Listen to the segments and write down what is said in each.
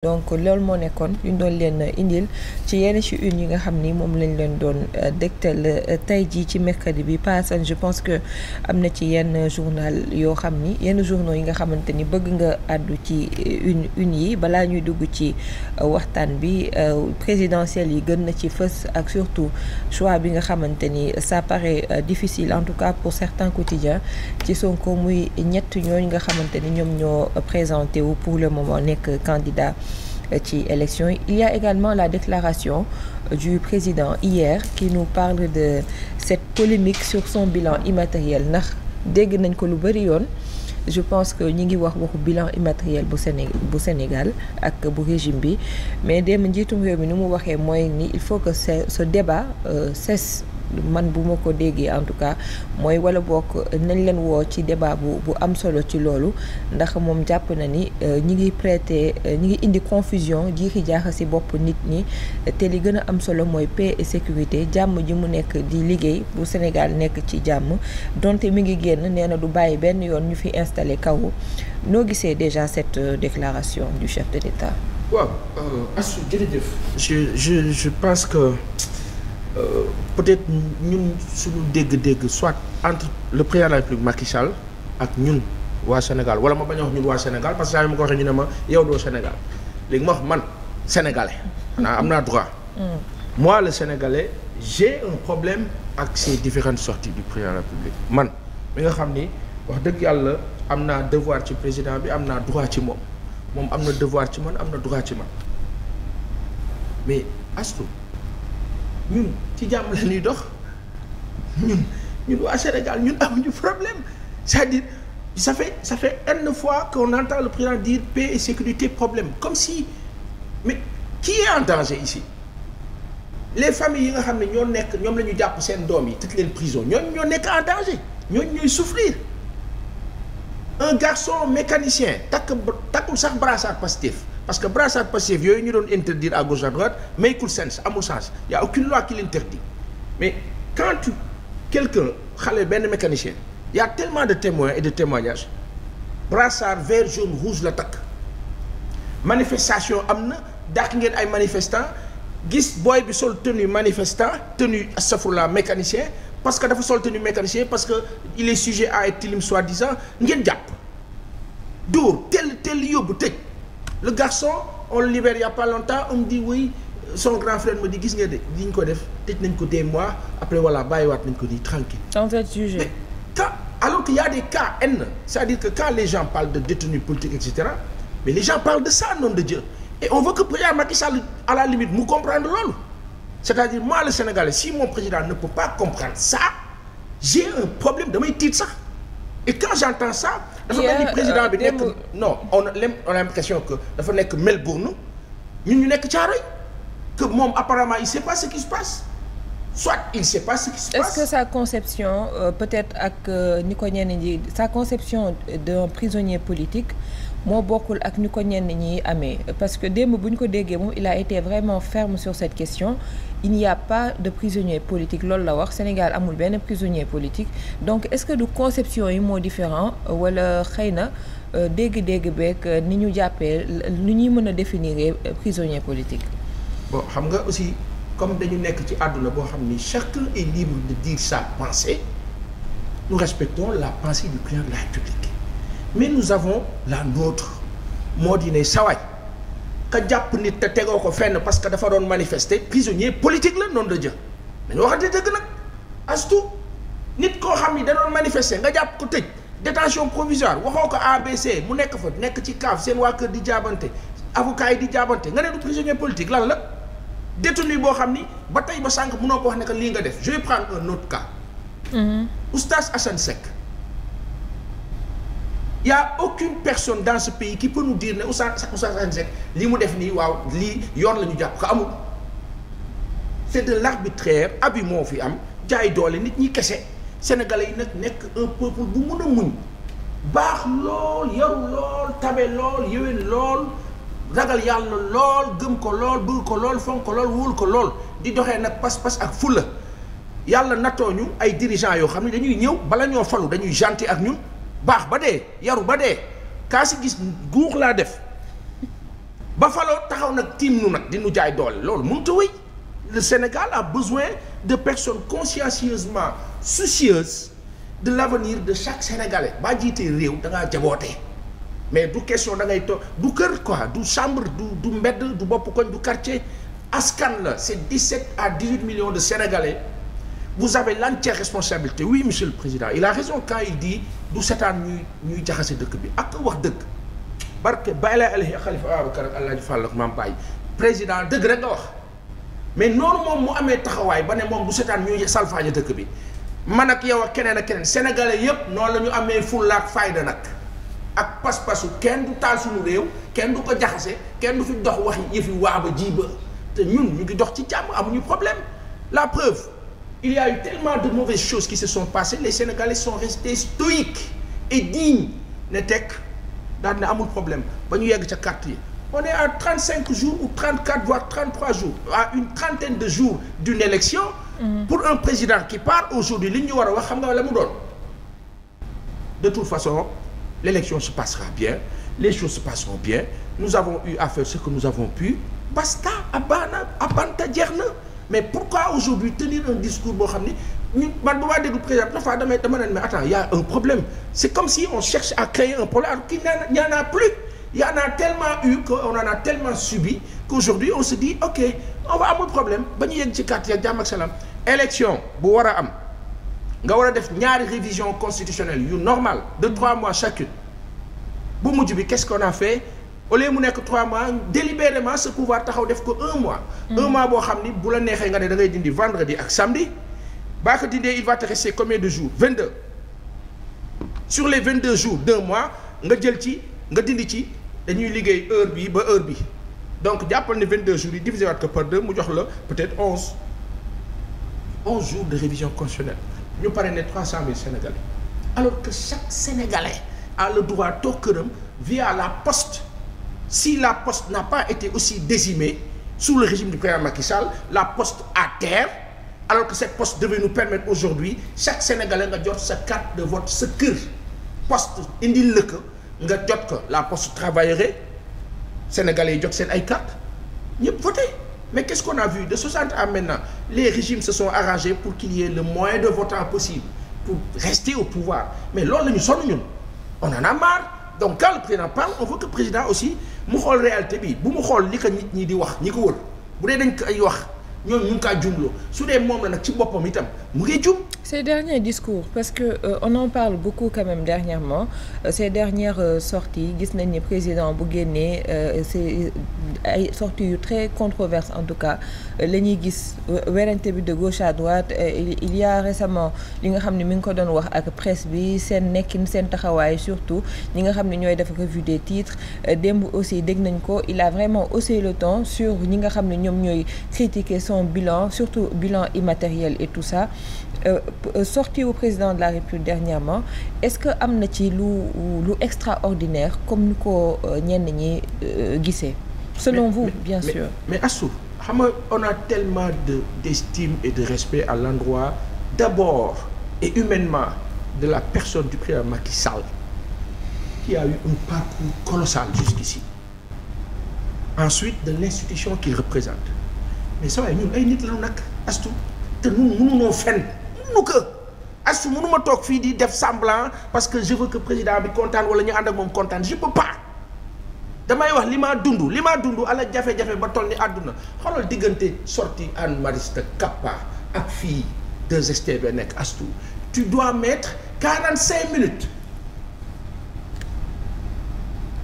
donc loolu moo nekkoon ñu doon leen indil ci yenn ci une yi nga xam ni moom lañ leen doon euh, dégtal euh, tey jii ci mercredi bi paase je pense que am na ci yenn journal yoo xam ni yenn journaux yi nga xamante ni bëgg nga àddu ci euh, une yi balaa ñuy dugg ci waxtaan bi présidentielle yi gën na ci fës ak surtout choix bi nga xamante ni ça paraît difficile en tout cas pour certains quotidiens ci Sonko muy ñett ñooñu nga xamante ni ñoom ñoo présenté wu pour le moment nekk candidat. ci élection il y a également la déclaration euh, du président hier qui nous parle de cette polémique sur son bilan immatériel ndax dégg nañ ko lu bëri yoon je pense que ñi ngi wax waxu bilan immatériel bu Séné bu Sénégal ak bu régime bi mais démb njiitum réew mi nu mu waxee mooy ni il faut que ce débat euh, cesse man bu ma ko déggee en tout cas mooy wala bokk nañ leen woo ci débat bu bu am solo ci loolu ndax moom jàpp na ni euh, ñi ngi prêter euh, ñi ngi indi confusion jiixi jaaxa si bopp nit ñi te li gën a am solo mooy paix et sécurité jàmm ji mu nekk di liggéey bu Sénégal nekk ci jàmm donte mi ngi génn nee na du bàyyi benn yoon ñu fi installé kawu noo gisee déjà cette euh, déclaration du chef de l'État je je pense que peut-être ñun suñu dégg-dégg soit entre le président de la République Macky ak ñun waa Sénégal wala ma bañ a wax ñun waa Sénégal parce que saa yu ma ko waxee ñu ne ma yow doo Sénégal léegi ma wax man sénégalais. am naa droit. Mm. moi le sénégalais j'ai un problème ak ces différentes sorties du président de la République man mi nga xam ni wax dëgg yàlla am naa devoir ci président bi am naa droit ci moom moom am na devoir ci man am na droit ci man mais Astou ñun ci jàmm la ñuy dox ñun ñun waa Sénégal ñun amuñu problème c'est-à-dire ça fait ça fait une fois qu'on entend le président dire sécurité problème comme si mais qui est en danger ici les familles yi nga xam ne ñoo nekk ñoom la ñu jàpp seen doom yi tëj leen prison ñooñu ñoo nekk en danger ñooñu ñooy souffrir un garçon mécanicien takk takkul sax brassard Pastef parce que brassard passif yooyu ñu doon interdire à gauche à droite maykul sens amul sens y a aucune loi qui l'interdit mais quand tu quelqu'un xale benn mécanicien y tellement de témoins et de témoignages brassard vert jaune la takk manifestation am na dàq ngeen ay manifestants gis booy bi sol tenue manifestant tenue astafurlah mécanicien parce que dafa sol tenue mécanisien parce que il est sujet à être tilim soi-disant ngeen jàpp dóor tel tel yóbbu tëj le garçon on le libère a pas longtemps on me dit son grand frère ma di gis nga de diñ ko def tëj nañ ko des mois après voilà bàyyiwaat nañ ko nii tranquille sans être jugé mais quand alors qu'il y a des cas N cest dire que quand les gens parlent de détenus politiques et cetera mais les gens parlent de ça nom de Dieu et on veut que président Macky Sall à la limite mu comprendre loolu c'est-à-dire moi le Sénégalais si mon président ne peut pas problème damay tiit sax et quand j'entends ça dafa mel ni président euh, bi nekk non on a on a l'impression que dafa nekk Melbourne ñun ñu nekk Thiaroye que moom apparemment il sait pas ce qui se passe soit il sait pas ce qui se passe. est-ce que sa conception euh, peut-être ak euh, ni ko ñenn ñi sa conception d'un prisonnier politique. moo bokkul ak ñu ko ñenn ñi amee parce que démb bu ñu ko déggee moom il a été vraiment ferme sur cette question il n'y a pas de prisonnier politique loolu la wax Sénégal amul benn prisonnier politique donc est-ce que du conception yi moo différent wala xëy na euh, dégg-dégg beeg euh, ni ñu jàppee ni ñuy mën a définir prisonnier politique bon xam nga aussi comme dañu nekk ci àdduna boo xam ni chacun est libre de dire sa pensée nous respectons la pensée du mais nous avons la nôtre moo di ne sawaay ka jàpp nit te tegoo ko fenn parce que dafa doon manifester prisonnier politique la noonu la jë dañu waxante dëgg nag astu nit koo xam ni da doon nga jàpp ko tëj détention provisoire waxoo ko ABC mu nekk fa nekk ci kaaf seen waa kër di jaabante avocat yi di jaabante nga ne du prisonnier politique lan la détenu boo xam ni ba tey ba sànq mënoo ko wax ne que lii nga def je vais prendre un autre cas. Mm-hmm. y' a aucune personne dans ce pays qui peut nous dire ne Oustaz Oustaz Assane li mu def nii waaw lii yoon la ñu jàpp ko amul c' est de l' abi moo fi am jaay doole nit ñi kese sénégalais yi nag nekk un peuple bu mun a muñ baax lool yaru lool tabe lool yéwén lool ragal yàlla lool gëm ko lool bëgg ko lool fonk ko lool wóol ko lool di doxee nag pas-pas ak fulla yàlla natoo ñu ay dirigeants yoo xam ne dañuy ñëw bala ñoo falu dañuy gentil ak ñun. baax ba dee yaru ba dee kaa si gis guux laa def ba faloo taxaw nag tiim nu nag di nu jaay doole loolu mënut a wéy le Sénégal à besoin de personne consciencieusement soucieuses de l'avenir de chaque Sénégalais baa jiitee réew da ngaa jabootee mais du question da ngay toog du kër quoi du chambre du du mbedd du bopp koñ du quartier askan la c'est 17 à 18 millions de Sénégalais bu sabee l'entière responsabilité oui monsieur le président il a raison quand il du setaan ñuy ñuy jaxase dëkk bi ak wax dëgg barke bàyyi lay alayi xalifa Ababacar ak Alaaji Fall ak maam Baye président dëgg rek nga wax mais noonu moom mu amee taxawaay ba ne moom du setaan ñuy salfaañe dëkk bi man ak yow ak keneen ak keneen sénégalais yépp noonu la ñu amee fulla ak fayda nag ak pas-pasu kenn du taal suñu réew kenn du ko jaxase kenn du fi dox wax yëfi waaba jiiba te ñun ñu ngi dox ci jàmm amuñu problème la preuve il y a eu tellement de mauvaises choses qui se sont passées les Sénégalais sont restés stoïques et dignes ne tekk daal ne amul problème ba ñu yegg ca carte yi on est à 35 jours ou 34 voire 33 jours à une trentaine de jours d'une élection mmh. pour un président qui part aujourd'hui li ñu war a wax xam nga la mu doon de toute façon l'élection se passera bien les choses se passeront bien nous avons eu à faire ce que nous avons pu basta jeex na mais pourquoi aujourd'hui tenir un discours boo xam ne ñun man bu maa déglu président dafa damay dama naan mais attends y a un problème c'est comme si on cherche à créer un problème alors qu'il n'y en a plus il y en a tellement eu que on en a tellement subi qu'aujourd'hui on se dit ok on va amul problème ba ñu yegg ci kàtt ya jàmm ak salaam élection bu war a am nga war a def ñaari révision constitutionnelle yu normal de trois mois chacune bu mujj bi qu'est-ce qu'on au mu nekk trois mois délibérément ce pouvoir taxaw def ko un mois. Hmm. un mois boo xam ni bu la neexee nga ne da ngay dindi vendredi ak samedi baa ko dindee il va te rester combien de jours 22 sur les vingt 22 jours d'un mois nga jël ci nga dindi ci dañuy liggéey heure bi ba heure bi donc jàppal ne 22 jours yi divisé waat ko par 2 mu jox la peut-être 11 11 jours de révision constitutionnelle ñu pare ne 300 000 Sénégalais alors que chaque Sénégalais a le droit toog këram via la poste. si la poste n'a pas été aussi décimée sous le régime du président Macky la poste à terre alors que cette poste devait nous permettre aujourd'hui chaque sénégalais nga jot sa carte de vote sa kër poste indil la ko nga jot ko la poste travaillerait sénégalais yi jot seen ay carte ñëpp voté mais qu'est-ce qu'on a vu de 60 à maintenant les régimes se sont arrangés pour qu'il y ait le moins de votants possible pour rester au pouvoir mais loolu la ñu sonn président aussi mu xool réalité bi bu mu xool li ko nit ñi di wax ñi ko wër bu dee dañ ko wax ñoom ñu ngi kaa jumloo su dee moom la nag ci boppam itam mu ngi jum. ces derniers discours parce que euh, on en parle beaucoup quand même dernièrement euh, ces dernières euh, gis nañ ni président bu génnee euh, c'est euh, ay sorties yu très controversées en tout cas la ñuy gis werente bi de gauche à droite il y récemment li nga xam ne mu ngi ko doon wax ak presse bi seen nekkin seen taxawaay surtout ñi nga xam ne ñooy def revue des titres démb aussi dégg nañ ko il a vraiment haussé le temps sur ñi nga xam ne ñoom ñooy critiquer son bilan surtout bilan immatériel et tout ça. Euh, euh, sorti au président de la République dernièrement est-ce que am na ci lu lu extraordinaire comme ni ko euh, ñenn ñi gisee. selon vous bien sûr mais Astou xam on a tellement de d'estime et de respect à l'endroit d'abord et humainement de la personne du président Macky Sall qui a eu un parcours colossal jusqu'ici ensuite de l'institution qu'il représente mais saa waay nit la ñu nag Astou te ñun mënuñoo fenn. nu ko astu mënuma toog fii di def semblant parce que je veux que président bi kontaan wala ñu ànd ak moom kontaan je peux pas damay wax li maa dund li maa dundu ala jafe-jafe ba toll ni àdduna xoolal diggante sortie Anne Mariste Kappa ak fii 2STV nekk astu tu dois mettre 45 minutes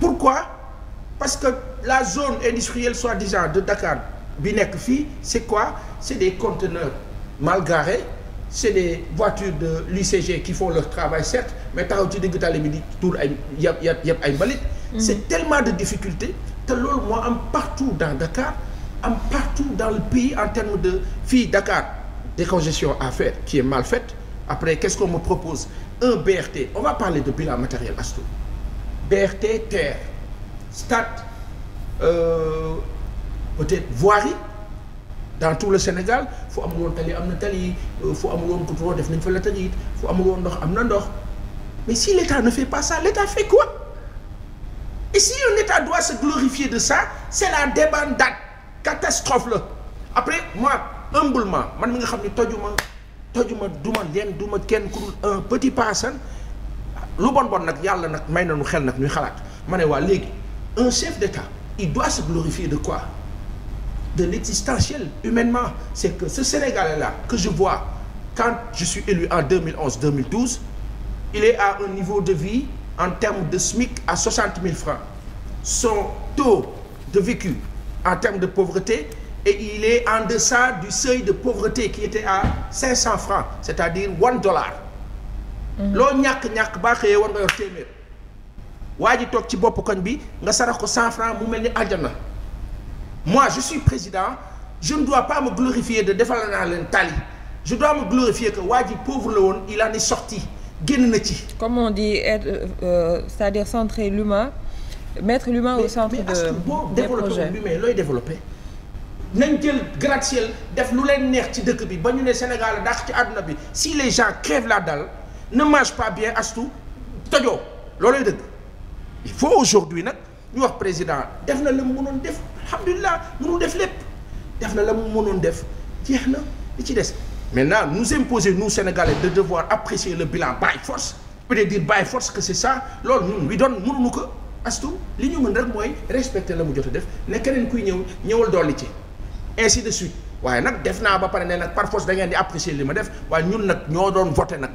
pourquoi parce que la zone industrielle soi-disant de Dakar bi nekk fii c'est quoi c'est des conteneurs mal c'est les voitures de l'UCG qui font leur travail certes mais taxaw ci digg tali bi di tuur ay yab yab yab ay mm-hmm. c'est tellement de difficultés te loolu moo am partout dans Dakar am partout dans le pays en termes de fii Dakar décongestion à faire qui est mal faite après qu'est-ce qu'on me propose un BRT on va parler de bilan matériel asto BRT terre stade euh, voirie dans tout le Sénégal fu amul woon tali am na tali euh, foo amul woon goudron def nañ fa la tali it fu woon ndox am na ndox mais si l'État ne fait pas ça l'État fait quoi et si un État doit sa glorifier de ça c'est la débandade catastrophe la après moi humblement man mi nga xam ne tojuma tojuma duma leen duma kenn ku dul un petit paasan lu bon bon nag yàlla nag may nañu xel nag ñuy xalaat ma ne waa léegi un chef d'État il doit se glorifier de quoi de l'existentiel humainement c'est que ce Sénégalais-là que je vois quand je suis élu en 2011 2012 il est à un niveau de vie en termes de SMIC à 60 000 francs son taux de vécu en termes de pauvreté et il est en deçà du seuil de pauvreté qui était à 500 francs c'est-à-dire one dollar mhm. loolu ñàkk-ñàkk baa xëyee war nga téeméer waa ji toog ci boppu koñ bi nga sarax ko 100 francs mu mel ni àjjana moi je suis président je ne dois pas me glorifier de defal naa leen tali je dois me glorifier que waa ji pauvre la woon il en est sorti génn na ci. comme on dit être euh, euh c'est-à-dire centrer l'humain mettre l'humain au centre. de mais est-ce que boo développé l'humain looy développé. nañ jël gratte def lu leen neex ci dëkk bi ba ñu ne Sénégal dàq ci àdduna bi si les gens crèvent la dalle ne mangent pas bien astu tojoo loolooy dëgg il faut aujourd'hui nag ñu wax président def na la mu mënoon def. alhamdulilah mënul def lépp def na la mu mënoon def jeex na li ci des maintenant nous imposer nous Sénégalais de devoir apprécier le bilan by force peut-être dire by force que c'est ça loolu ñun wi doon mënuñu ko astu li ñu mën rek mooy respecter la mu jot a def ne keneen kuy ñëw ñëwal dolli ci ainsi de suite waaye nag def naa ba pare ne nag par force da di apprécier li ma def waaye ñun nag ñoo doon voté nag